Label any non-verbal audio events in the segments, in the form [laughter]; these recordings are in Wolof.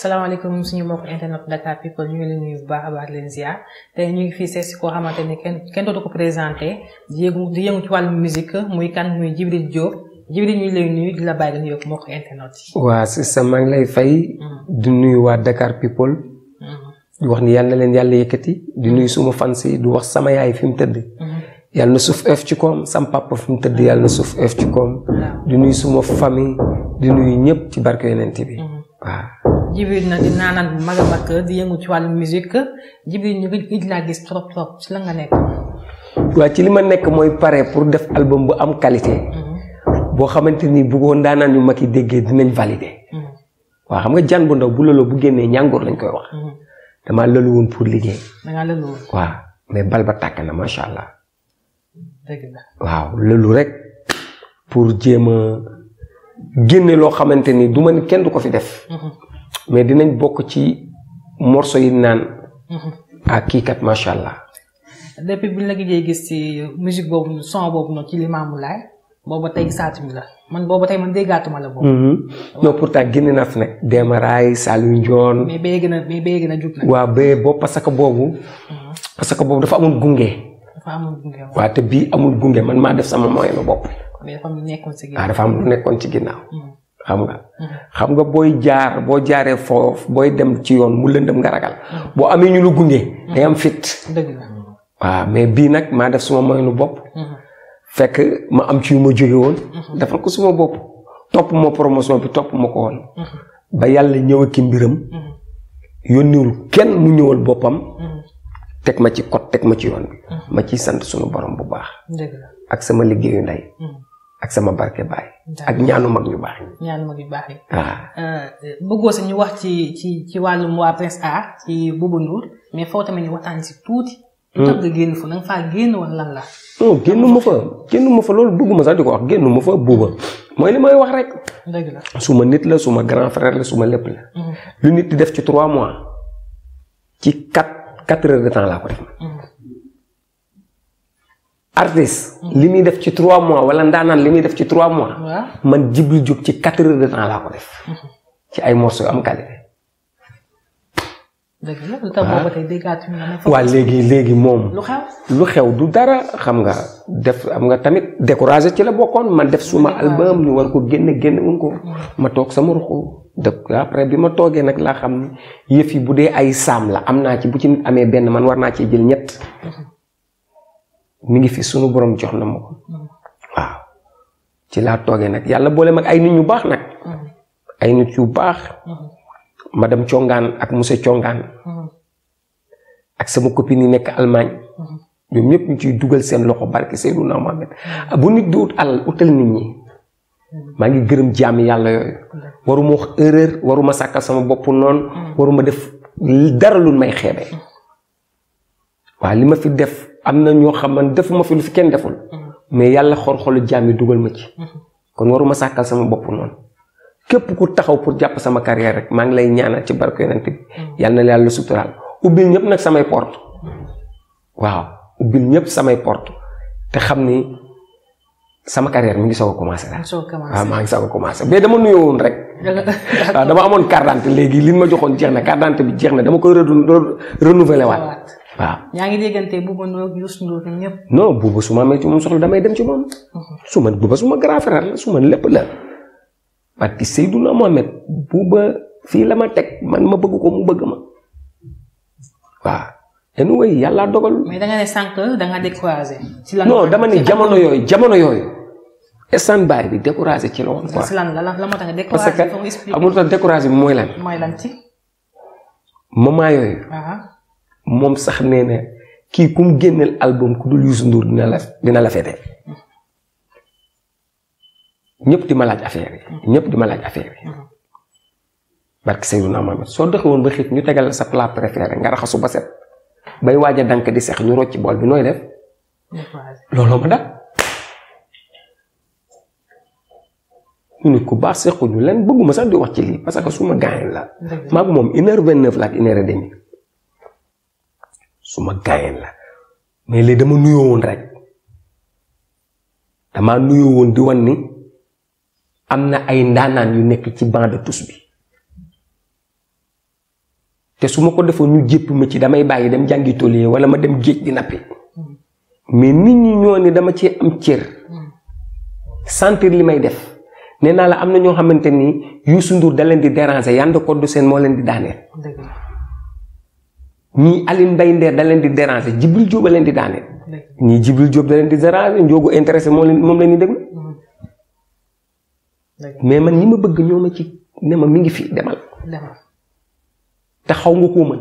salaamaaleykum suñu mbokk internet Dakar ñu ngi leen nuyu ñu ngi fii seet si koo xamante ne kenn kenn dootu ko muy kan muy Djibril Diop Djibril lay la bàyyi la sa maa ngi lay fay. Mm-hmm. du nuyu waa Dakar People. Mm-hmm. di wax ni yal na leen yàlla yëkkati du nuyu mm-hmm. suma fans yi di wax sama yaay fi mu tëdd. yàlla na suuf ëf ci koom sam papa fi tëdd yàlla na suuf ëf ci koom. di nuyu suma famille di nuyu ñëpp ci barke yonent bi waaw. Djibril nag di naanaan bu mag a mag di yëngu ci wàllu musique Djibril ñu gëj laa gis trop trop ci la nga nekk. waaw ci li ma nekk mooy pare pour def album bu am qualité. Mhm. boo xamante ni bu ko ndaanaan yu mag yi déggee dinañ validé. Mhm. waaw xam nga jaan bu ndaw bu lolo bu lañ koy wax. Mhm. damaa lolu woon pour liggéey. dangaa mais bal ba tàkk na macha allah. dëgg waaw lolu rek pour jéem a génne loo xamante ni du ma ni kenn du ko fi def. mais dinañ bokk ci morso yi naan. Mhm. ak kii kat macha allah. depuis bi ñu la gëjee gis ci musique boobu son boobu noonu ci Limamou Laye booba tey gisaatuñu mhm. la man booba tey man déggaatuma la boobu. Mhm. non pourtant génne na fi nag. Demaraay Saliou Ndion. mais bee gën a mais bee gën a waaw bee boobu parce que boobu. parce que boobu dafa amul gunge. dafa amul te bii amul gunge man maa def sama moyen bopp. mais dafa am dafa am nekkoon ci ginnaaw. Ah, xam nga mm-hmm. xam nga booy jaar boo jaaree foofu booy dem ci yoon mu lëndëm nga ragal mm-hmm. boo amee ñu lu gunge mm-hmm. day fit waaw mais bii nag maa def suma moynu bopp fekk ma am ci yu ma jóge woon defal ko suma bopp topp ma promotion bi topp ma ko woon ba yàlla ñëw ki mbiram yónniwul kenn mu ñëwal boppam teg ma ci kot teg ma ci yoon bi ma ciy sant sunu borom bu baax ak sama liggéeyu ndey ak sama barke baay ak ñaanu mag yu baax yi. ñaanu mag yu baax yi. Ah. Euh, bëggoo sa ñu wax ci ci ci wàllum waa presse A ci Bouba Ndour mais foofu tamit ñu waxtaan si tuuti. Hmm. lu tax nga génn fa nga faa génn wala lan la. non génn ma fa génn ma fa loolu bëgguma sax di génn ma fa Bouba mooy li may wax rek. dëgg la su ma nit la suma ma grand frère la su ma la. Hmm. lu nit di def ci trois mois ci quatre quatre de temps laa ko def. Hmm. artiste li muy def ci trois mois wala ndaanaan li muy def ci trois mois. man Djibril Diop ci quatre heures de temps laa ko def. Mm-hmm. ci ay morceaux yu am qualité. dëgg léegi léegi moom. lu xew du dara xam nga def am nga tamit découragé ci la bokkoon man def suma album ñu war ko génn génne wuñ ko. Mm. ma toog sama ruxu. dëkk après bi ma toogee nag laa xam yëf yi bu dee ay saam la am naa ci bu ci nit amee benn man war naa ci jël ñett. Mm-hmm. mu ngi fi sunu borom jox na ma ko waaw ci laa tooge nag yàlla boole mag ay nit ñu baax nag ay nit yu baax ma dem congaan ak monsieur congaan ak sama copine yi nekk Allemagne ñoom ñëpp ñu ciy dugal seen loxo barke Seydina Mohamed bu nit di ut alal utal nit ñi maa ngi gërëm jaami yàlla yooyu waruma wax erreur waruma sàkkal sama bopp noonu waruma def dara lu may xeebe waaw li ma fi def am na ñoo xam man defuma fi lu fi kenn deful mm-hmm. mais yàlla xor-xolu jaam yi dugal ma ci mm-hmm. kon waruma sàkkal sama bopp noonu képp ku taxaw pour jàpp sama carrière rek maa ngi lay ñaanal ci barke yonent bi mm-hmm. yàlla na la yàlla suturaal ubbil ñëpp nag samay porte waaw ubbil ñëpp samay porte te xam ni sama carrière mi ngi soog a commencé daal. Ah, waaw maa ngi soog a commencé mais dama nuyoo woon rek. waaw [laughs] ah, dama amoon carte d'identité léegi li ma joxoon jeex na carte d'identité bi jeex na dama koy renouveler waat. waaw yaa ngi déggante Bouba Ndour ak Youssou Ndour ñëpp. non su ma amee ci moom soxla damay dem ci moom. Mhm. su ma Bouba su ma grand frère la su ma lépp la. parce que Seydouna Mohamed Bouba fii la ma teg man ma bëgg ko mu bëgg ma waaw. anyway yàlla dogal. mais da nga ne ci lan dama ne jamono yooyu jamono yooyu. instant baay bi découragé ci la woon quoi. la la tax nga découragé. parce que mooy lan. mooy lan ci. moment yooyu. moom sax nee na kii ku mu génneel album ku dul Youssou Ndour dina la dina la fete. ñëpp di ma laaj affaire yi. ñëpp di ma laaj affaire yi. barke Seydou Naama soo doxee woon ba xiif ñu tegal la sa plat préféré nga raxasu ba set. bay waaj a dank di sex ñu rocc bool bi nooy def looloo ma dal nit ku baax sequñu leen bëgguma sax di wax ci lii parce que su ma gaañ la maag moom une heure vingt la ak une heure ma dama nuyoo woon rek dama nuyoo woon di wan ni am na ay ndaanaan yu nekk ci banc de bi te su ma ko defoon ñu jépp ma ci damay bàyyi dem jàngi tool yi wala ma dem géej di nappi mais nit ñi ñoo ni dama ci am cër sentir li may def nee naa la am na ñoo xamante ni Youssou Ndour da leen di déranger Yande Codou seen moo leen di daaneel. ñii Aline Mbaye Nder da leen di déranger Djibril Diop leen di daaneel. ñii Djibril Diop da di déranger Ndiogu intéressé moo leen moom la ñuy déglu. mais man ñi ma bëgg ñoo ma ci ne ma mi ngi fi demal. te xaw nga koo mën.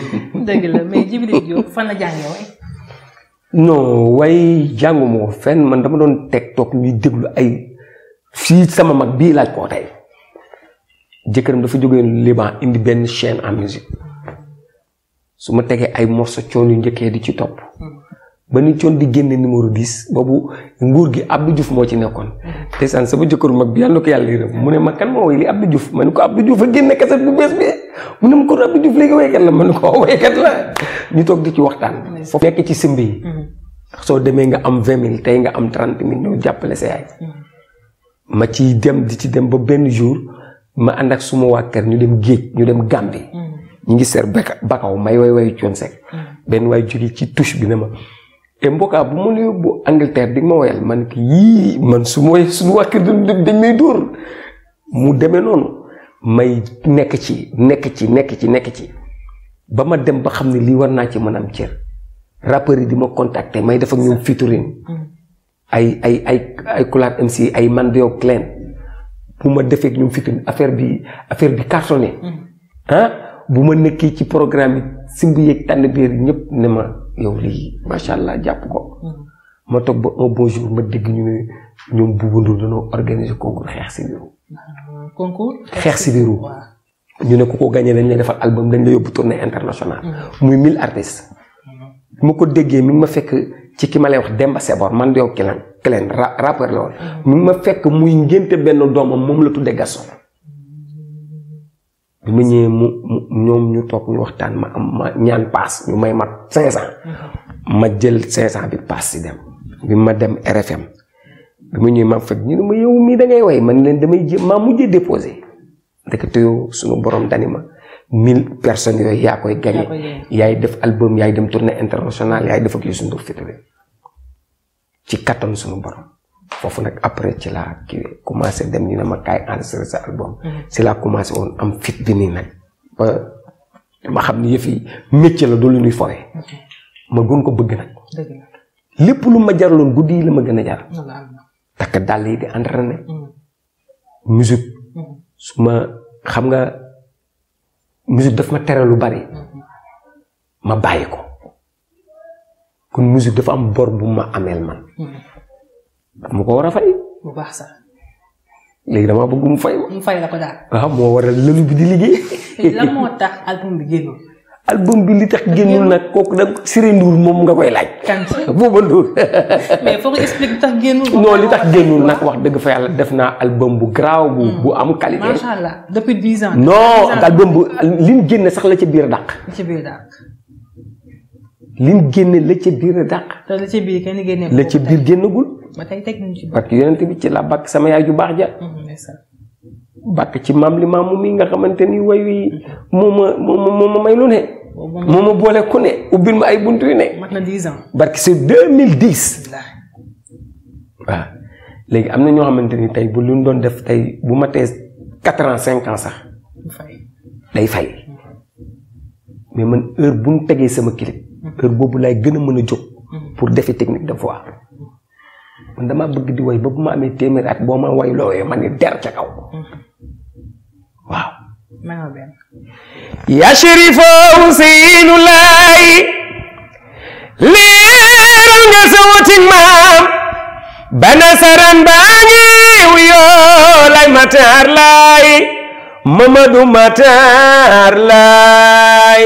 [laughs] dëgg la mais Djibril Diop fan la jàngee way non way jànguma ko fenn man dama doon teg toog ñuy déglu ay fii sama mag bii laaj koo tey jëkkëram dafa jógee Liban indi benn chaîne en musique su ma tegee ay morceaux coono yu njëkkee di ci topp. Hmm. ba ni coon di génne numéro 10 boobu nguur gi Abdou Diouf moo ci nekkoon te san sama jëkkëru mag bi yàlla na ko yàlla yërëm mu ne ma kan moo woy li Abdou Diouf ma ne ko Abdou Diouf a génne kaset bu bees ko Abdou la ma ne ko ñu toog di ci waxtaan foofu nekk ci sëmb yi mm-hmm. soo demee nga am vingt mille tey nga am trente mille ñoo jàppale sa yaay mm-hmm. ma ci dem di ci dem ba benn jour ma ànd ak suma waa ñu dem géej ñu dem Gambie mm-hmm. ñu ngi seer bakaw may way wayu coon sek benn waay jóge ci touche bi ne et mbokaa bu ma la yóbbu Angleterre di ma woyal man ki yii man su ma su suñu waa kër dañ may dóor mu deme noonu may nekk ci nekk ci nekk ci nekk ci ba ma dem ba xam ne lii war naa ci mën am cër rappeurs yi di ma contacter may def ak ñoom featuring ay ay ay ay MC ay Mandeo Clan bu ma defee ak ñoom featuring affaire bi affaire bi cartonné mm-hmm. ah bu ma nekkee ci programme yi simb tànn biir ñëpp ne ma. yow lii macha allah jàpp ko. Hmm. ma toog ba un ma dégg ñu ne ñoom bu wëndul dañoo concours xeex si biiru. Hmm. ñu ne ko ko gagné dañ lay defal album dañ la yóbbu tournée internationale. Hmm. muy mille artistes. ma ko déggee mu ma fekk ci ki ma lay wax Demba Sebor man de yow Kelen Kelen rappeur la woon. mi ma fekk muy ngénte benn doomam moom la tuddee Gaston. bi ma ñëwee mu ñoom ñu toog ñu waxtaan ma am ma ñaan paas ñu may ma cinq cent mhm. ma jël cinq cent bi paas si dem bi ma dem RFM bi ma ñëwee ma fekk ñu ne ma yow mii da ngay way man leen damay jé maa mujjee déposé ndeke teyoo suñu borom dani ma mille personnes yooyu yaa koy gagné yaay def album yaay dem tournée internationale yaay def ak Youssou Ndour ci kattan suñu borom foofu nag après ci laa kiiwee commencé dem ñu ne ma kaay enregistré sa album. Mhm. si laa commencé woon am fit bi nii nag ma xam ni yëf yi la du lu ñuy foyee. ma gën ko bëgg nag. lépp lu ma jaraloon guddi yi la ma gën a jar. takk dàll yi di entraîné. Mhm. musique mhm. su ma xam nga musique daf ma tere lu bari. ma bàyyi ko kon musique dafa am bor bu ma ameel man. mu ko war a fay. bu baax sax. léegi damaa bëgg mu fay. mu war la ko daal. waaw ah, moo bi di liggéey. [laughs] lan moo tax album bi li tax génnul nag kooku nag Siré Ndour moom nga koy laaj. kan [laughs] booba Ndour. [laughs] mais foog li tax génnul. nag wax dëgg fa yàlla def naa album bu garaaw bu am qualité. macha allah depuis dix ans. non album bu li mu sax la ca biir dàq. la ca génne la ca biir dàq. te la ca biir génne la biir génnagul. ba tey teg nañ ci bàkk yonent bi la bàkk sama yaay ju baax ja. Mm-hmm, bàkk ci maam li maamu mi nga xamante ni way wi moo ma moo ma may lu ne. moo ma boole ku ne ubbil ma ay bunt yu ne. mat na dix ans barki si deux mille léegi am na ñoo xamante ni tey bu lu doon def tey bu ma tee quatre ans cinq ans sax. day fay. mais man heure bu ñu tegee sama clip. Mm-hmm. heure boobu laay gën a mën a jóg. Mm-hmm. pour defi technique de voix. man damaa bëgg di woy ba bu ma amee téeméeri at boo ma woy looyee ma ni der ca kaw waaw yaa sherifa Useynu Laay leeral nga sa wotin maam ba nasaraan baa ngiw yoo lay mataar laay mamadu mataar laay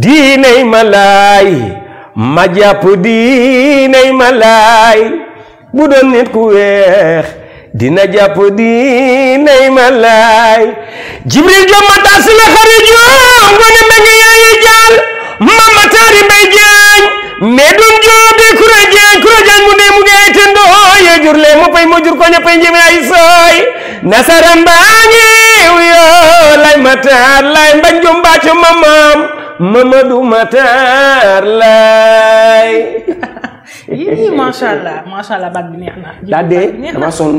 diinay ma laay ma jàpp diinay ma laay bu doon nit ku weex dina jàpp di nay malaay jibril jomba taas la xariju ngone ma yaaye jaal mama taari bay jaañ mais dum joobe kura jaañ kura jaañ mu dee mu tendo ye jur le mu mu jur ko ña pay njëmi ay sooy nasaram baa ngi yo lay ma taar lay mamam mamadou ma taar lay macha allah macha allah baat na. daa dee dama sonn.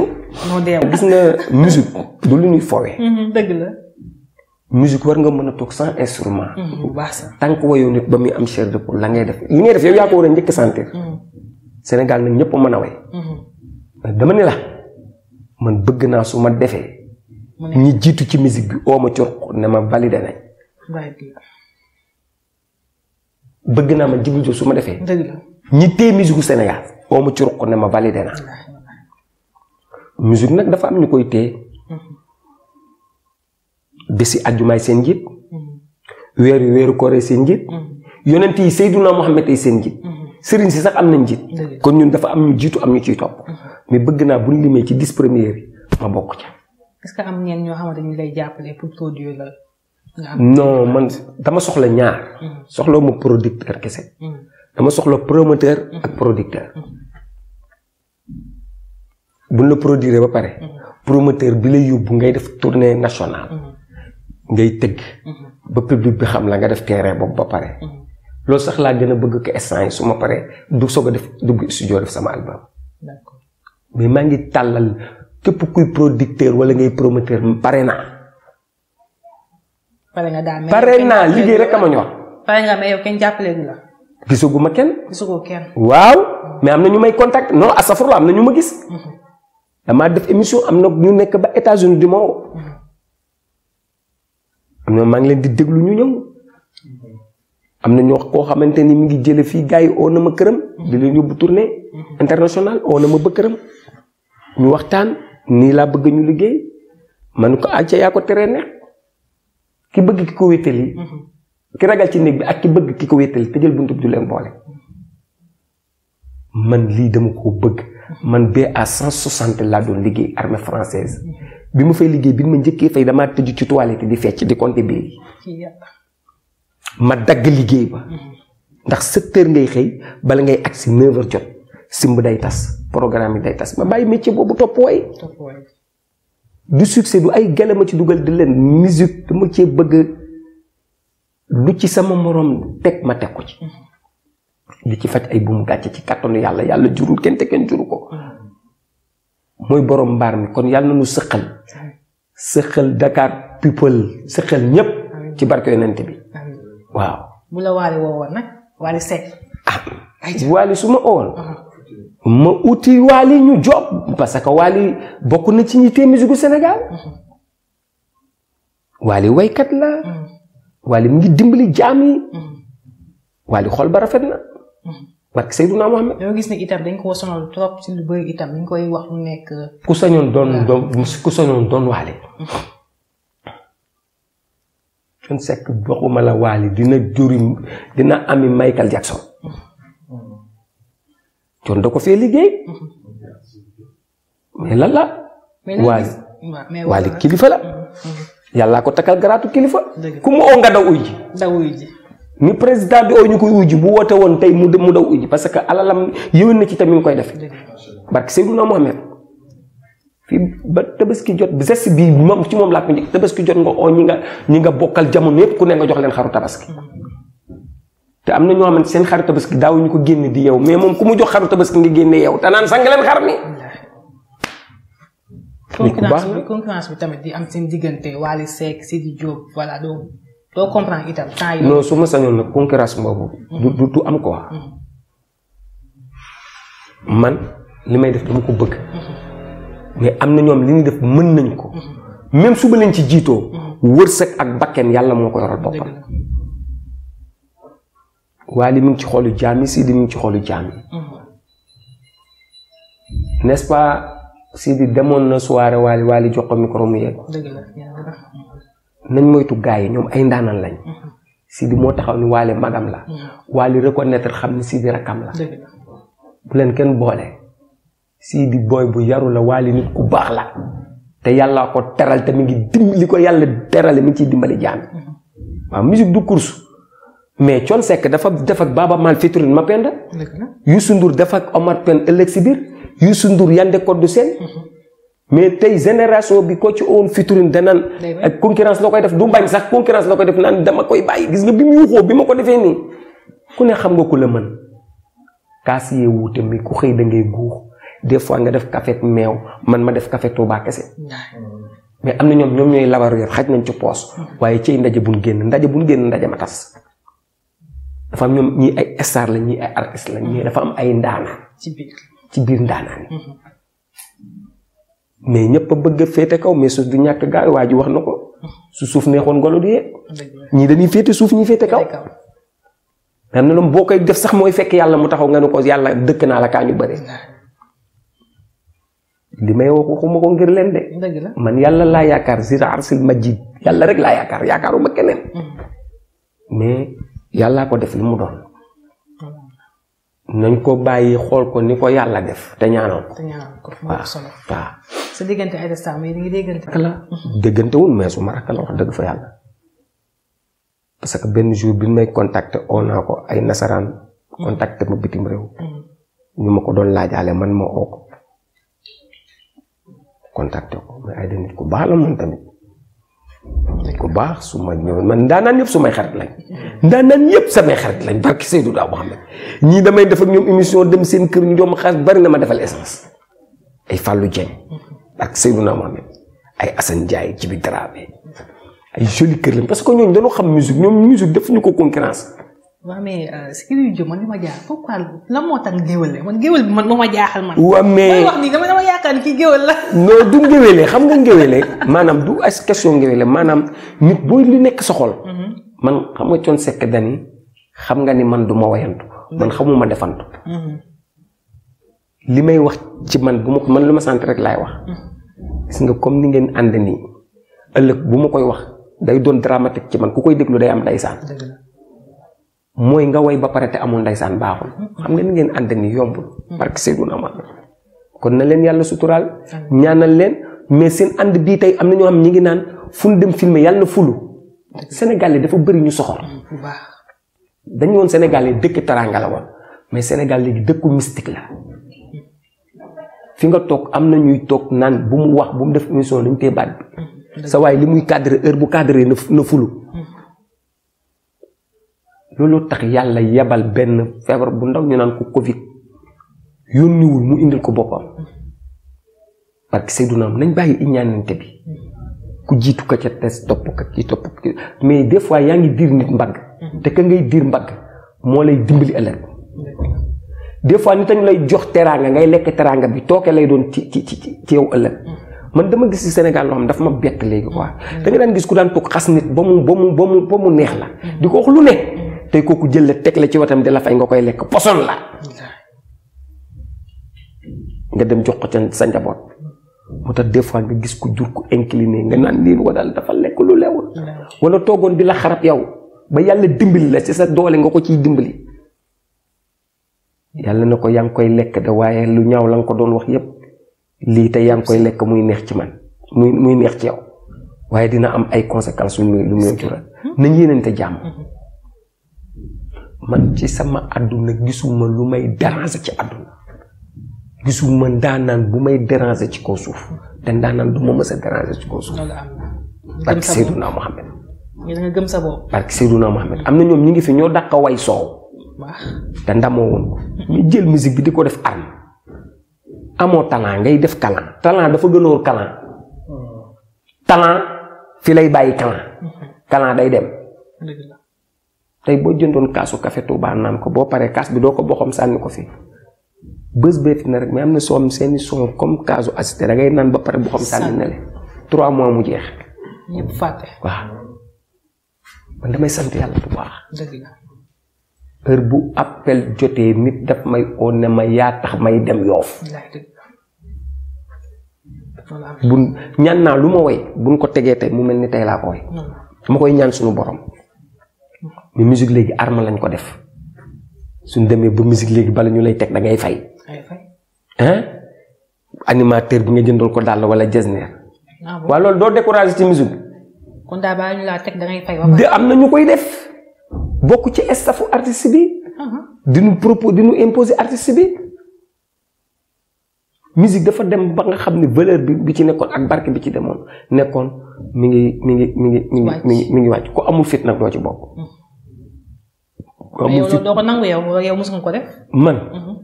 moo gis nga musique du lu ñuy fowee. Mm-hmm, dëgg war nga mën a toog sans instrument. Mm-hmm, bu baax tànk wayoo nit ba muy am chair de poule la ngay def li ngay def yow yaa ko war a njëkk sentir. Mm-hmm. Sénégal nag ñëpp mën a way. dama ne la man bëgg naa su ma defee. ñi jiitu ci musique bi oo ma ne ma validé nañ. bëgg naa man Djibril Diop su defee. dëgg ñi téye musique Sénégal. oo mu ne ma validé na musique nag dafa am ñu koy téye bési àjjumaay seen njiit weer weeru kooree seen njiit yonent yi Seydunaa Muhammad ay seen njiit sëriñ si sax am na njiit kon ñun dafa am ñu jiitu am ñu ciy topp mais bëgg naa buñ limee ci dix premières yi ma bokk ca que am ngeen ñoo xamante ñu lay jàppale pour produire la non man dama soxla ñaar mm-hmm. soxla ma producteur kese mm-hmm. dama soxla promoteur ak producteur mm-hmm. bu la produire ba pare mhm. promoteur bi lay yóbbu ngay def tournée nationale mhm. ngay tëgg mhm. ba public bi xam la nga def terrain boobu ba pare loolu sax laa gën a bëgg ko instant su ma paree du soog a def dugg studio def sama album mais maa ngi tàllal képp kuy producteur wala ngay promoteur pare naa pare nga daal pare naa liggéey rek ama ñor pare nga mais kenn jàppaleegu la ma kenn gisagoo kenn waaw mais am na ñu may contact non asafurla am na ñu ma gis damaa def émission am na ñu nekk ba États-Unis di ma am na maa ngi leen di déglu ñu ñëw am na ñoo koo xamante ni mu ngi jële fii gars yi oo na ma këram di leen yóbbu tournée international oo na ma ba këram ñu waxtaan nii laa bëgg ñu liggéey man ko acca yaa ko teree neex ki bëgg ki ko wéttali ki ragal ci néeg bi ak ki bëgg ki ko wéttali te jël buntub du leen boole man lii dama ko bëgg man ba à cent soixante laa doon liggéey armée française bi ma fay liggéey bi ma njëkkee fay damaa tëju ci toilette di fecc di compter bi ma dagg liggéey ba ndax secteur ngay xëy bala ngay agsi si jot simb day tas programme yi day tas ma bàyyi métier boobu topp way du succès du ay gale ma ci dugal di leen musique dama cee bëgg lu ci sama moroom teg ma teg ko ci li ci faj ay buum gàcce ci kàttanu yàlla yàlla jurul kenn te kenn juru ko mooy borom mbaar mi kon yàlla na nu sëqal sëqal Dakar people sëqal ñépp ci barke yonent bi waaw. bu la Waly woowoon nag ah, ma uti Waly ñu job parce que Waly bokk na ci ñi tee musique gu Sénégal mm-hmm. Waly waykat la mm-hmm. Waly mu ngi dimbali jaam yi mm-hmm. Waly xol ba rafet na. barke Seydina Mohamed. dañoo gis ne dañ koo sonal trop ci lu bëri itam ñu koy wax lu nekk. ku sañoon doon doon ku sañoon doon waale. Thione [laughs] Seck waxuma la waali dina juri dina ami Michael Jackson. Thione da ko fee liggéey. mais lan la. waali kilifa la. Mm-hmm. yàllaa ko takkal garaatu kilifa. ku mu oo nga daw uy ji. ni président bi oo ñu koy uji bu woote woon tey mu mu daw uji parce que alalam yëwén na ci tamit mu koy def barke Seydina Mohamed fii ba tabaski jot geste bi moom ci moom laa ko njëkk tabaski jot nga oo ñi nga ñi nga bokkal jamono yëpp ku ne nga jox leen xaru tabaski te am na ñoo xamante seen xaru tabaski daaw ñu ko génn di yow mais moom ku mu jox xaru tabaski nga génne yow te naan sang leen xar mi. bi tamit di am seen diggante Wally Seck Sidi Diop voilà doo comprendre itam su ma sañoon nag concurrence boobu. du du du am quoi. Mm-hmm. man li may def dama ko bëgg. Mm-hmm. mais am na ñoom li ñu def mën nañ ko. Mm-hmm. même su leen ci jiitoo. wërsëg ak bakken yàlla moo ko yoral boppam. waaye li mu ngi ci xoolu jaam sii Sidi mu ci xoolu jaam yi. n'est-ce pas demoon na soirée waali waali jox ko mu yegg. nañ moytu gaa yi ñoom ay ndaanaan lañ. Mhm. Sidi moo taxaw ni Waly magam la. Mhm. Waly reconnaître xam ni Sidi rakam la. bu leen kenn boole. Sidi booy bu yaru la Waly nit ku baax la. te yàllaa ko teral te mi ngi dimbali ko yàlla teral mi ngi ciy dimbali jaam. Mhm. waaw musique du course. mais Thione Seck dafa def ak Baaba Maal featuring Mapenda. Youssou Ndour def ak Omar Pène ëllëg si biir. Youssou Ndour Yandé Codou mais tey génération bi ko ci oon fiturin danaan ak concurrence la koy def du bañ sax concurrence la koy def naan dama koy bàyyi gis nga bi mu yuuxoo bi ma ko defee nii ku ne xam nga ku la mën kaas yee wuute mi ku xëy da guux des fois nga def café meew man ma def café Touba kese mais am na ñoom ñoom ñooy labar yor xaj nañ ci poos hmm. waaye cey ndaje buñ génn ndaje buñ génn ndaje ma tas dafa am ñoom ñii ay star la ñii ay artiste la dafa am ay ndaanaan ci biir ndaanaan mais ñëpp bëgg a kaw mais suuf du ñàkk gaay waa ji wax na ko su suuf neexoon golo du yee ñii dañuy féete suuf ñi féete kaw xam ne loolu boo koy def sax mooy fekk yàlla mu taxaw nga ne ko yàlla dëkk naa ñu bëri li may wax waxuma ko ngir man yàlla laa yaakaar zil arsil majid yàlla rek laa yaakaar yaakaaruma keneen mm-hmm. mais yàllaa ko def li nañ ko bàyyi xool ko ni ko yàlla def te ñaanal ko sa diggante Aïda Samb yi dañuy déggante. su ma dëgg fa que benn jour bi may contacter oo ko ay nasaraan. contacter ma bitim réew. Mm. ñu ma ko doon laajaale man ma ko contacter ku baax la moom tamit. ku baax su ma ñëw man ndaanaan su may xarit lañ. ndaanaan yëpp samay xarit lañ barki Seydou Daaw Mohamed ñii damay def ak ñoom émission dem seen kër ñu doom xaalis bari na ma defal essence. ay Fallou Dieng. ak Seydouna Mohamed ay Assane Ndiaye ci bi Dramé ay joli kër lañ parce que ñoom dañoo xam musique ñoom musique def ñu ko concurrence. waaw mais euh, Sidy Diop man li ma jaaxal pourquoi lan moo tax géwél la man géwél bi man moo ma jaaxal man. waaw mais wax ni dama la. [laughs] non du ngéwéle xam nga ngéwéle maanaam du as question ngéwéle maanaam nit booy li nekk sa xol. Mhm. man xam nga coon dani xam nga ni man du ma wayantu man xamuma defantu. Mhm. li may wax ci man bu ma man lu ma sant rek laay wax gis nga comme ni ngeen ànd nii ëllëg bu ma koy wax day doon dramatique ci man ku koy déglu day am ndeysaan mooy nga woy ba pare te amul ndeysaan baaxul mm-hmm. xam nga ni ngeen ànd ni yombul parce mm-hmm. que Seydou Amar kon na leen yàlla suturaal ñaanal leen mais seen ànd bii tey am na ñoo xam ñi ngi naan fu dem filmer yàlla na fulu Sénégal yi dafa bëri ñu soxor mm, dañu woon Sénégal yi dëkk teraanga la woon mais Sénégal léegi fi nga toog am na ñuy toog naan bu mu wax bu mu def émission dañu tee baat bi sa waaye li muy cadré heure bu cadré na na fulu mm-hmm. loolu tax yàlla yebal benn feebar bu ndaw ñu naan ko covid yónniwul mu indil ko boppam parce mm-hmm. que Seydou Naam nañ bàyyi iñaanante bi mm-hmm. ku jiitu ka ca tes topp ka ci topp mais des fois yaa ngi diir nit mbagg te ka ngay diir mbagg moo lay dimbali ëllëg des fois nit a lay jox teraanga ngay lekk teraanga bi tooke lay doon ci ci ci yow ëllëg. man dama gis ci senegal loo xam dafa ma bett léegi quoi. Mm. da nga daan gis ku daan toog xas nit ba mu ba mu ba mu ba mu lu ne. Mm. tey kooku jël la teg la ci watam di la fay nga koy lekk poson la. nga dem jox ko ca sa njaboot. moo tax des fois nga gis ku jur ku incliné nga naan lii ko daal dafa lekk lu lewul. Mm. wala toogoon di la xarab yow. ba yàlla dimbali la ci sa doole nga ko ciy dimbali. yàlla na ko yaa ngi koy lekk de waaye lu ñaaw la ko doon wax yépp lii te yaa ngi koy lekk muy neex ci man muy muy neex ci yow waaye dina am ay conséquences yu lu muy jural nañ yéenante jàmm mm-hmm. man ci sama àdduna gisuma lu may déranger ci àdduna gisuma ndaanaan bu may déranger ci kaw suuf te ndaanaan du ma mës a déranger ci kaw suuf barki Seyduna Muhammad barki Seyduna Muhammad am na ñoom ñu ngi fi ñoo dàq way soow te ndamoo woon ko mais jël musique bi di ko def arme amoo talent ngay def kalan talent dafa gënoor kalan talent fi lay bàyyi kalan kalan day dem tey boo jëndoon kaasu café Touba naan ko boo paree kaas bi doo ko boxam sànni ko fi bës bee na rek mais am na soom seeni son comme kaasu assisté da ngay naan ba pare boxam sànni ne trois mois mu jeex man damay sant yàlla bu baax heure bu appel jotee nit daf may oo ne ma yaa tax may dem yoof bu ñaan naa lu ma woy buñ ko tegee tey mu mel ni tey laa ko woy ma koy ñaan suñu borom mais musique léegi arma lañ ko def suñ demee ba musique léegi bala ñu lay teg da ngay fay hein animateur bi nga jëndal ko dàll wala jesner ah waaw loolu doo découragé ci musique kon daa baa ñu laa teg da ngay fay de am na ñu koy def bokk ci staffu artiste bi. Uh-huh. dinu propos dinu imposer artiste bi. musique dafa dem ba nga xam ni valeur bi ci nekkoon ak barke bi ci demoon nekkoon mi ngi mu ngi mi ngi mi ngi mi ngi mi ngi wàcc ku amul fit nag doo ci bokk. Uh-huh. ku amul fit doo ko ko def. man uh-huh.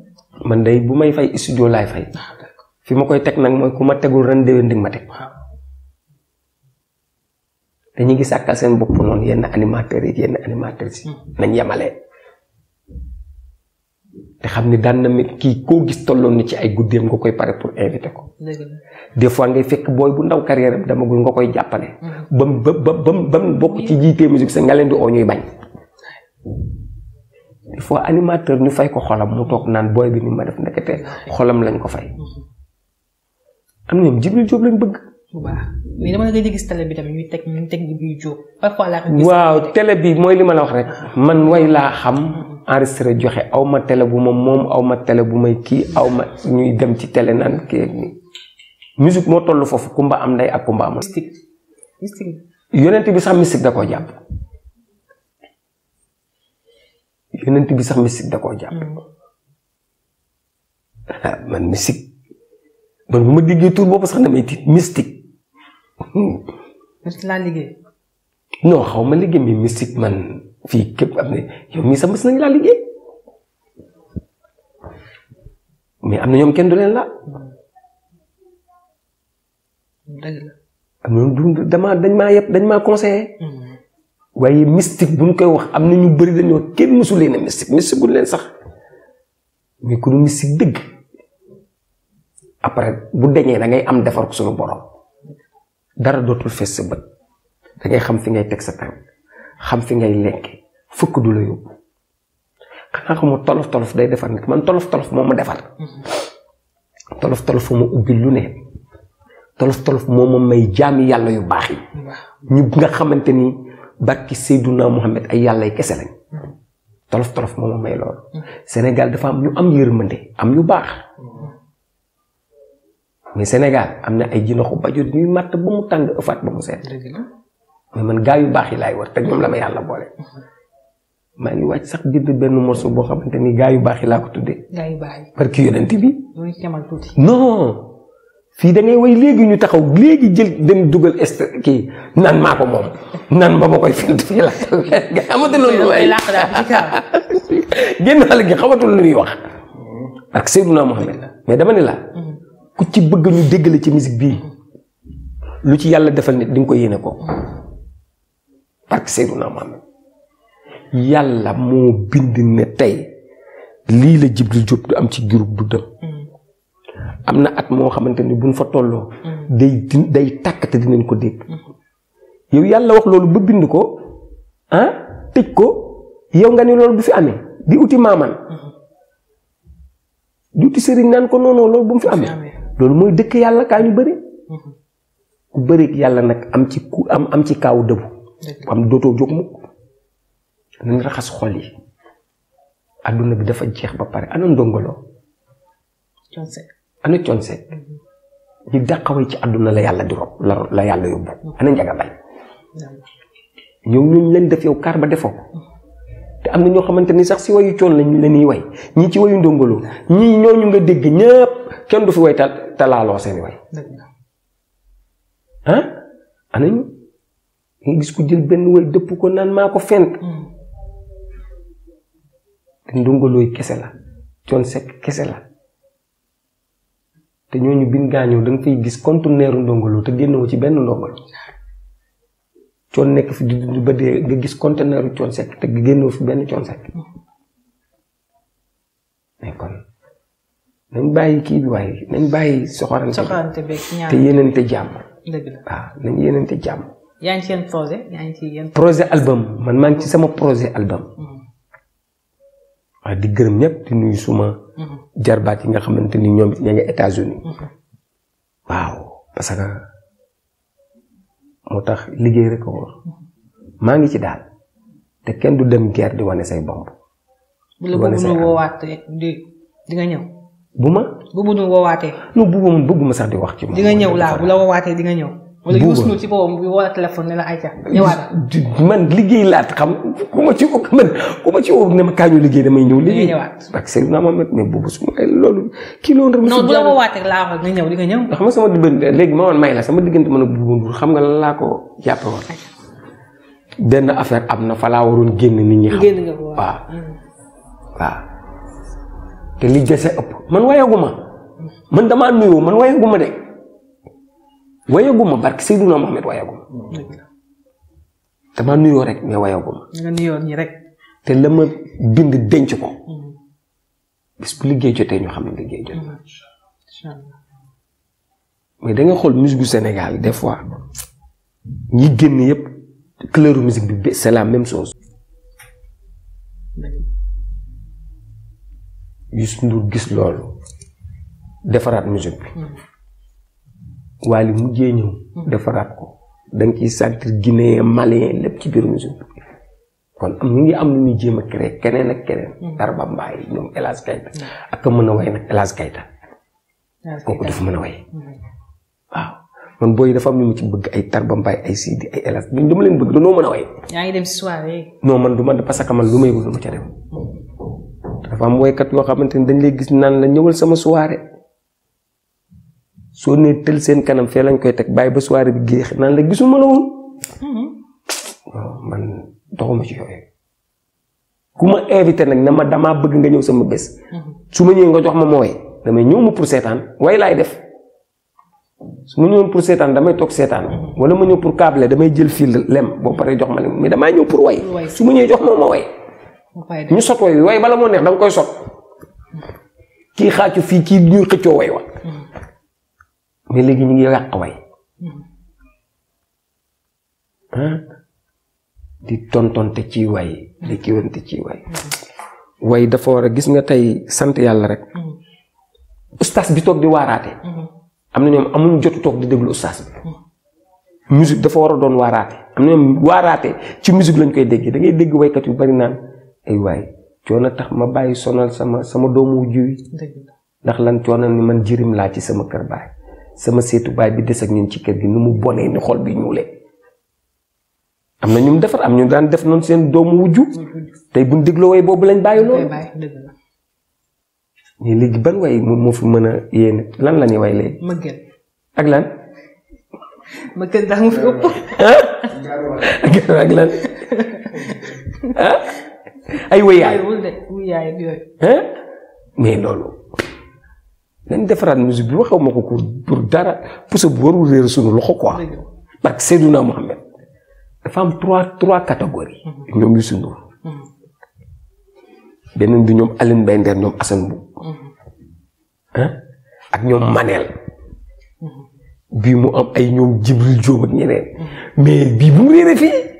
man day bu may fay studio laay fay. Ah, fi ma koy teg nag mooy ku ma tegul ren déwén di ma teg. dañuy gis ak seen bopp noonu yenn animateurs yi yenn animatrices yi. Hmm. nañ yemale. xam ni daan na kii koo gis tolloon ni ci ay guddeem nga koy pare ko. des fekk booy bu ndaw carrière am nga koy jàppale. Hmm. ba mu ba ba bokk ci jiitee musique sax nga leen di oo ñuy bañ. des fois animateur ñu fay ko xolam mu toog naan booy bi ni ma def ndekete xolam lañ ko fay. Hmm. am na ñoom Jibril Jóob lañ bëgg. waaw mais dama gis télé bi tamit ñuy teg ñuy teg ñuy jóg parfois laa waaw mooy li ma la wax rek ah. man way laa xam enregistré joxe aw ma télé bu ma moom aw ma bu may kii aw ma ñuy dem ci télé naan kii ak nii. musique moo toll foofu kumba am ndey ak kumba amul. mystique mystique. bi sax mystique da koo jàpp yonent bi sax mystique koo jàpp. Hmm. [laughs] man mystique man bu ma diggee tur boobu sax damay tiit mystique. mystique hmm. laa liggéey. non xaw ma liggéey bi mystique man fii képp am na yow laa liggéey mais am na ñoom kenn du leen la. am na du damaa dañ ma yëpp dañ ma conseillé. Hmm. waaye mystique buñ koy wax am na ñu bëri dañoo kenn mësu leen a mystique leen sax mais ku du dëgg après bu deñee da ngay am defar ko suñu dara dootul fees sa bët da xam fi ngay teg sa tànk xam fi ngay lekk fukk du la yóbbu xanaa xamu tolof tolof day defar nit man tolof tolof moo defar tolof tolof moo ne tolof tolof ma may jaami yàlla yu baax yi ñu nga xamante ni barki Seyduna Muhammad ay yàlla yi kese lañ mm-hmm. tolof tolof moo ma may loolu mm-hmm. Sénégal dafa am ñu am yërmande am ñu baax mais senegal am na ay jinaxu bajut ñuy matt ba mu tàng ëfaat ba mu seet mais man gaa yu baax laay war te ñoom la ma la boole maa ngi wàcc sax bind benn morceau boo xamante ni gaa yu baax yi laa ko tuddee gaa yu baax yi parce que yonent bi non fii da ngay way léegi ñu taxaw léegi jël dem dugal est kii nan maa ko moom nan ba ma koy fent fii [laughs] gi xamatul lu ñuy wax ak Seydina dama ne la ku ci bëgg ñu dégg ci musique bii lu ci yàlla defal nit di nga ko yéene ko barke Seydina Muhammad yàlla moo bind lii la Djibril am ci groupe du na at moo xamante ni buñ fa tolloo day day ko dégg yàlla wax loolu ba bind ko ah tëj ko yow nga ni naan ko noonu loolu bu mu fi amee loolu mooy dëkk yàlla kaa ñu bëri mhm. ku bëri yàlla nag am ci ku am am ci kaawu dëbu am dootoo jóg mukk nañ raxas xol yi adduna bi dafa jeex ba pare ana ndongoloo ana consek ñu mhm. dàqawee ci àdduna la yàlla di rob la la yàlla yóbbu mhm. ana njaga bay ñëw ñuñ leen def yow kaar ba defoo te am na ñoo xamante ni sax si wayu coon lañ la ñuy way ñii ci wayu ndongoloo ñii ñooñu nga dégg ñëpp kenn du fi waytal te laaloo seen way ah anañu nga gis ko jël benn way dëpp ko naan maa ko fent hmm. te ndongolooy kese la coon sekk kese la te ñooñu bin gaañoo da nga gis conteneeru ndongoloo te génnoo ci benn ndongoloo coon nekk fi gis conteneeru coon sekk te génnoo fi benn coon nañ bàyyi kii bi waaye nañ bàyyi soxorante. soxorante beeg ñaar te yéenante jàmm. dëgg la waaw nañ yéenante jàmm. yaa seen projet yaa ngi ci yéen. projet album man maa ngi ci sama projet album. Mm-hmm. di gërëm ñépp di nuyu suma. Mm-hmm. jarbaat yi nga xamante ni ñoom ña ngi États-Unis mm-hmm. waaw parce que moo tax liggéey rek ko maa ngi ci daal te kenn du dem guerre di wane say bomb. di nga ñëw. bu ma. bu mu dul woowaatee. non bu ma bëgguma sax di wax ci moom. di nga ñëw laa bu la woowaatee di nga ñëw. wala ci boppam bi woo la téléphone ne la ayca ñëwaat. liggéey laat xam ku ma ci man ku ma ci woo ne ma ñëw. liggéey ñëwaat parce que Seydina Mohamed su ma loolu. kilo loolu rek. non bu la woowaatee laa wax nga ñëw di nga ñëw. xam nga sama léegi ma may la sama diggante ma ne Bouba Ndour xam nga lan laa ko jàppe woon. benn affaire am na fa laa waroon génn nit ñi. xam waaw waaw. Mm. te li dese ëpp man wayaguma man damaa nuyoo man wayaguma de wayaguma barke Seydina Mohamed wayaguma damaa nuyoo rek mais wayaguma. nga nuyoo rek. te la ma bind denc ko. Mm-hmm. bis bu liggéey jotee ñoo xam ne liggéey jot mm-hmm. mais da nga xool musique gu Sénégal des fois ñi génn yëpp couleur musique bi c'est la même chose. Youssou Ndour gis loolu defaraat musique bi waaye li ñëw defaraat ko da nga ciy sentir guinéen lépp ci biir musique bi kon am ñu ngi am lu ñuy jéem a créé keneen ak keneen hmm. Tarba Mbaye ñoom El Kayta hmm. ak a mën a way nag El Hadj Kayta kooku dafa mën a way man hmm. booy dafa am ñu mu ci bëgg ay Tarba Mbaye ay Sidi ay El Hadj dama leen bëgg dañoo mën a way yaa man du man parce que man lu may wut du ma ca dafa am woykat yoo xamante ni dañ lay gis naan la ñëwal sama soirée soo nee tël seen kanam lañ koy teg bàyyi ba bi géex naan la gisuma la woon man ma invité nag ne ma damaa bëgg nga ñëw sama bés su ma ñëwee nga jox ma ma damay ñëw ma pour seetaan way laay def su ma ñëwoon pour seetaan damay toog seetaan wala ma ñëw pour câble damay jël fil lem boo paree jox ma lem mais damay ñëw pour way su ma ñëwee jox ma ma way ñu sot way waaye bala moo neex da koy sot kii xaacu fii kii ñuy xëccoo way wa mais léegi ñu ngi yàq way di tontonte ci way di ci way way dafa war a gis nga tey sant yàlla rek ustaas bi toog di waaraate am na ñoom amuñu jotu toog di déglu ustaas bi musique dafa war a doon waaraate am na ñoom waaraate ci musique lañ koy déggee da ngay dégg waykat yu bari naan ay waay coono tax ma bàyyi sonal sama sama doomu jiw ndax lan coono ni man jirim laa ci sama kër baay sama seetu baay bi des ak ñun ci kër gi nu mu bonee ni xol bi ñuulee am na ñu mu defar am ñu daan def noonu seen doomu wujju tey buñ dégloo way boobu lañ bàyyi loolu mais léegi ban way moom moo fi mën a yéene lan la ñuy way léegi ak lan [laughs] [laughs] ak lan ah [laughs] ay wéyaay mais loolu nañ defaraat musique bi waxew ma ko pour pour dara puso bu warul réer suñu loxo quoi parce que Seydina Mohamed dafa am trois trois catégories mhm. ñoom yu suñu mhm. beneen bi ñoom Aline Bay ñoom Assane bu mhm. ak ñoom ah. Manel bii mu am ay ñoom Jibril Diop ñeneen mais bii bu mu fii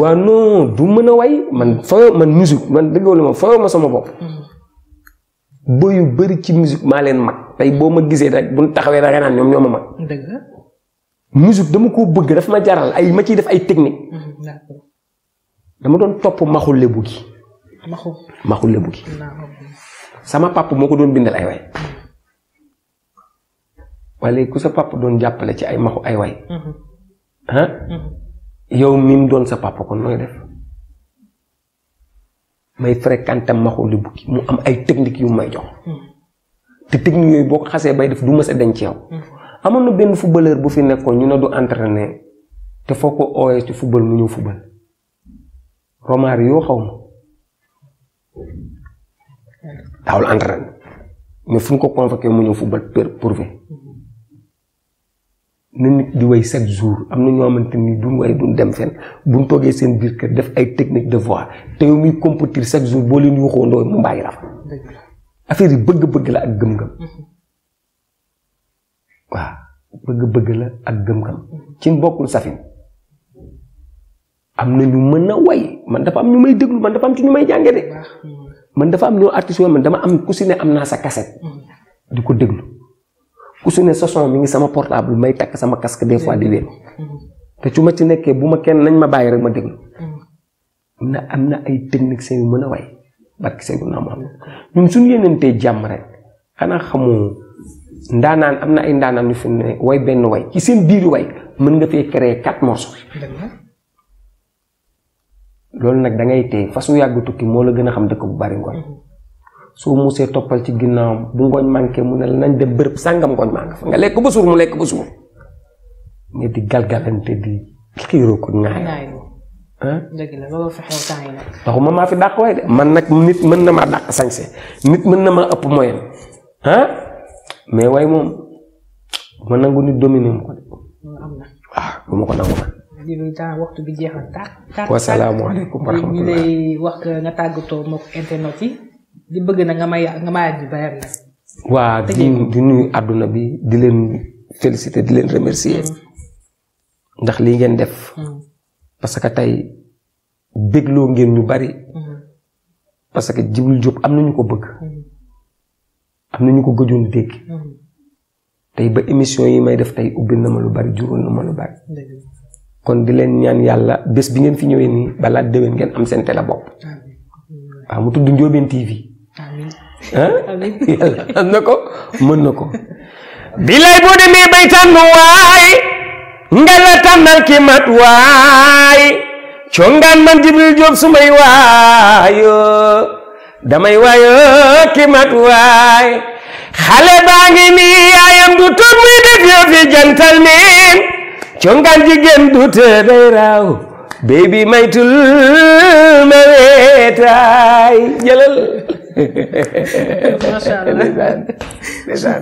waaw non du mën a way man fayo man musique man dëggawlu ma fayo ma sama bopp hmm. ba yu bëri ci musique maa leen mag tey boo ma gisee rek buñ taxawee da ñoom ñoo ma mag musique dama ko bëgg daf ma jaral ay ma ciy def ay technique hmm, dama doon topp maxul lébu gi maxu lébu gi sama papa moo ko doon bindal ay way hmm. wala ku sa papa doon jàppale ci ay maxu ay way yow mi mu doon sa papa kon nooy def may fréquenté maxu li bukki mu am ay technique yu may jox hmm. te technique yooyu boo ko xasee bay def du mës denc ci yow hmm. amoon na benn footballeur bu fi nekkoon ñu ne du entraîné te foo ko ooyee ci football mu ñëw football romaar yoo xaw ma daawul entraîné mais fu ñu ko convoqué mu ñëw football pour prouvé na nit di way chaque jour am na ñoo xamante ni duñ way duñ dem fenn buñ toogee seen biir kër def ay technique de voix te yow muy compétir chaque jour boo leen yuuxoo ndooy mu bàyyi la fa affaire yi bëgg-bëgg la ak gëm-gëm mm-hmm. waaw bëgg-bëgg la ak gëm mm-hmm. ci bokkul safin am na ñu mën a way man dafa am ñu may déglu man dafa am ci ñu may jànge de man dafa am ñoo artiste man dama am ku si ne am naa sa cassette mm-hmm. di ko déglu ku su ne soson mi ngi sama portable may takk sama casque des fois di leen mm-hmm. te su ma ci nekkee bu ma kenn nañ ma bàyyi rek ma déglu mm-hmm. am na am na ay techniciens yu mën a way barki seegu naa ma am ñun suñu yéenantee jàmm am na ay ndaanaan yu fi ne way benn way ci seen biir way mën nga fee créer quatre morceaux loolu nag da ngay téye façon yàgg tukki moo la gën a xam dëkk bu bari ngoon mm-hmm. soo muusee toppal ci ginnaawam bu ngooñ manqué mu ne la nañ dem bërëb sàngam ngooñ maa nga fa nga lekk ba mu lekk ba suur nga di galgalante di xiiroo ko ñaay ah dëgg la looloo fi xew maa fi dàq waaye de man nag nit mën na maa dàq sañse nit mën na maa ëpp moyen ah mais waaye moom ma nangu nit dominé mu ko de. na waaw ah, bu ma ko nangu man. di bëgg na nga may nga may at yu bari nag. waa di di nuyu àdduna bi di leen féliciter di leen remercier. Mm. ndax lii ngeen def. Mm. parce que tey bégloo ngeen ñu bari. Mm. parce que Djibril Diop am na ñu ko bëgg. am na ñu ko gëjoon dégg. tey ba émission yi may def tey ubbil na ma lu bari juróol na ma lu bari. kon di leen ñaan yàlla bés bi ngeen fi ñëwee nii balaa déwén ngeen am seen télé bopp. waaw mu tudd Ndiobène TV. [laughs] yàlla am na ko mën na ko [laughs] bilaay waay nga la tànnal ki waay congaan man jibril jóob may waayo damay waayo ki waay xale baa ngi nii yaayam du muy def fi jantal min congaan jigéen du te day raaw baby maytul ma weetaay jëlal [laughs] macha allah